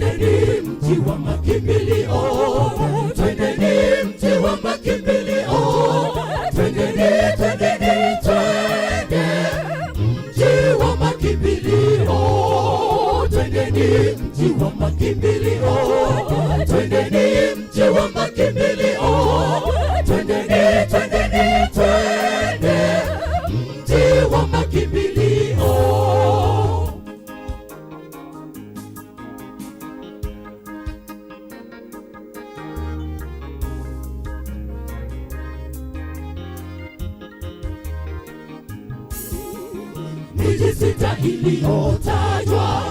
Endeni mji wa makimbilio miji sita iliyotajwa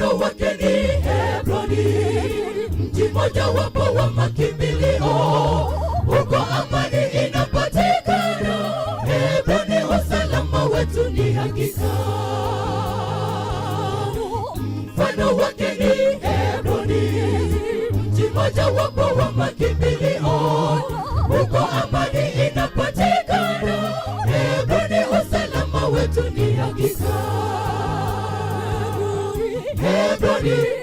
Mfano wake ni Hebroni, mji mmoja wapo wa makimbilio, huko amani inapatikana. Hebroni, usalama wetu ni hakika. Mfano wake ni Hebroni, mji mmoja wapo wa makimbilio Daddy.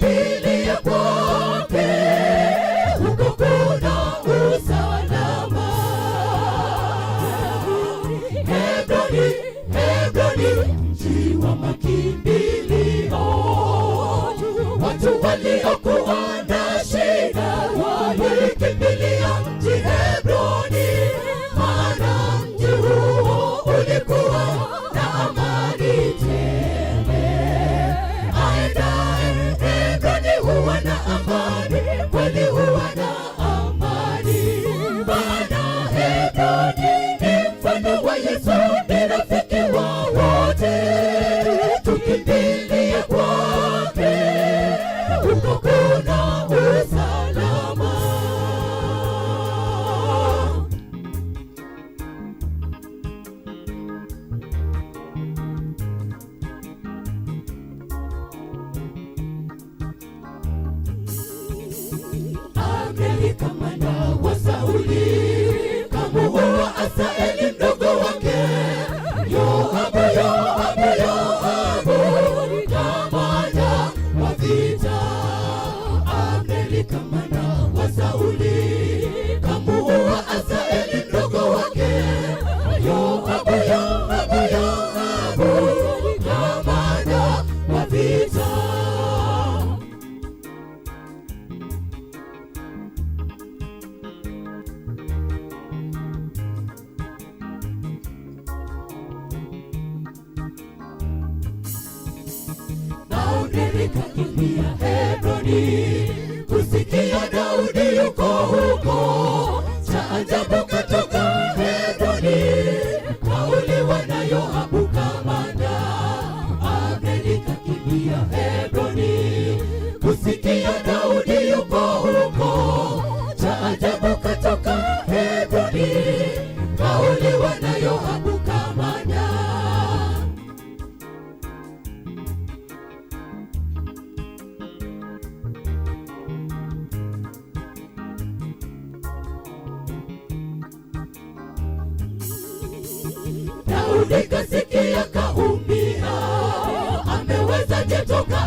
kimbilie kwake, huko kuna usalama. Hebroni, Hebroni, mji wa makimbilio, watu walioko 那风光。Sauli kamuua Asaeli mdogo wake. Ayo abu ya abu kamanda wa vita. Daudi akakimbia Hebroni kusikia maajabu katoka Hedoni, kauli wanayoabuka manda. Abeli kakimbia Hedoni, kusikia Daudi yuko huko, cha ajabu katoka Hedoni. nikasikia kaumia, ameweza jetoka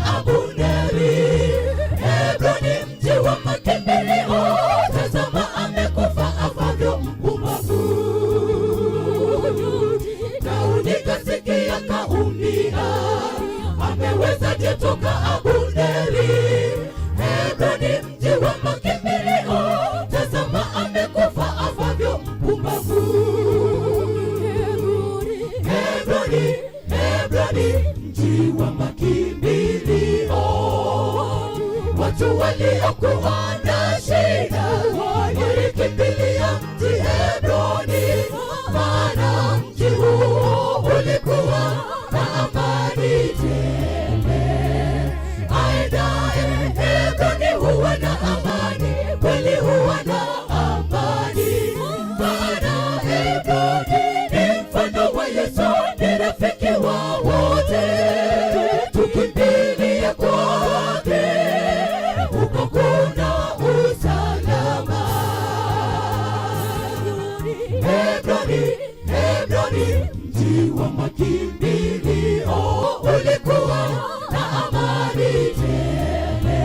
kwa kimbilio ulikuwa na amani tele.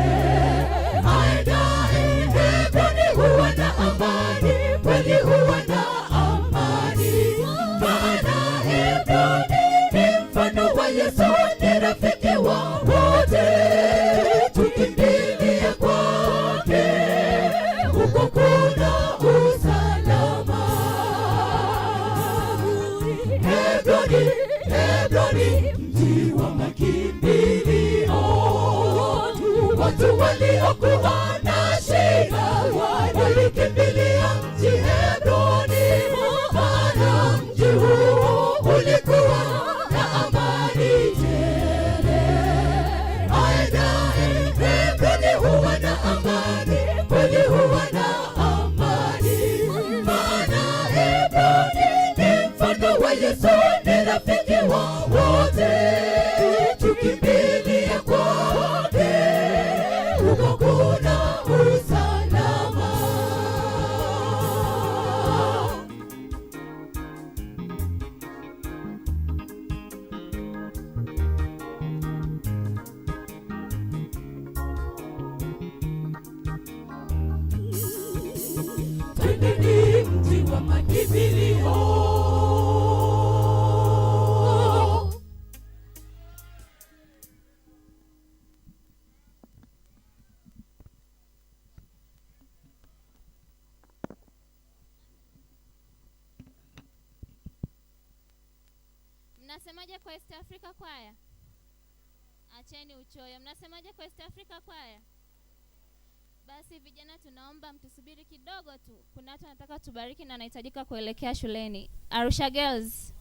Aendaye hekuni huwa na amani, kweli huwa na amani. Maana Hebroni ni mfano wa Yesu wote tukimbilia kwake, huko kuna usalama. Twendeni mji wa makimbilio Mnasemaje kwa East Africa kwaya? Acheni uchoyo. Mnasemaje kwa East Africa kwaya? Basi vijana, tunaomba mtusubiri kidogo tu, kuna watu wanataka tubariki na anahitajika kuelekea shuleni. Arusha Girls.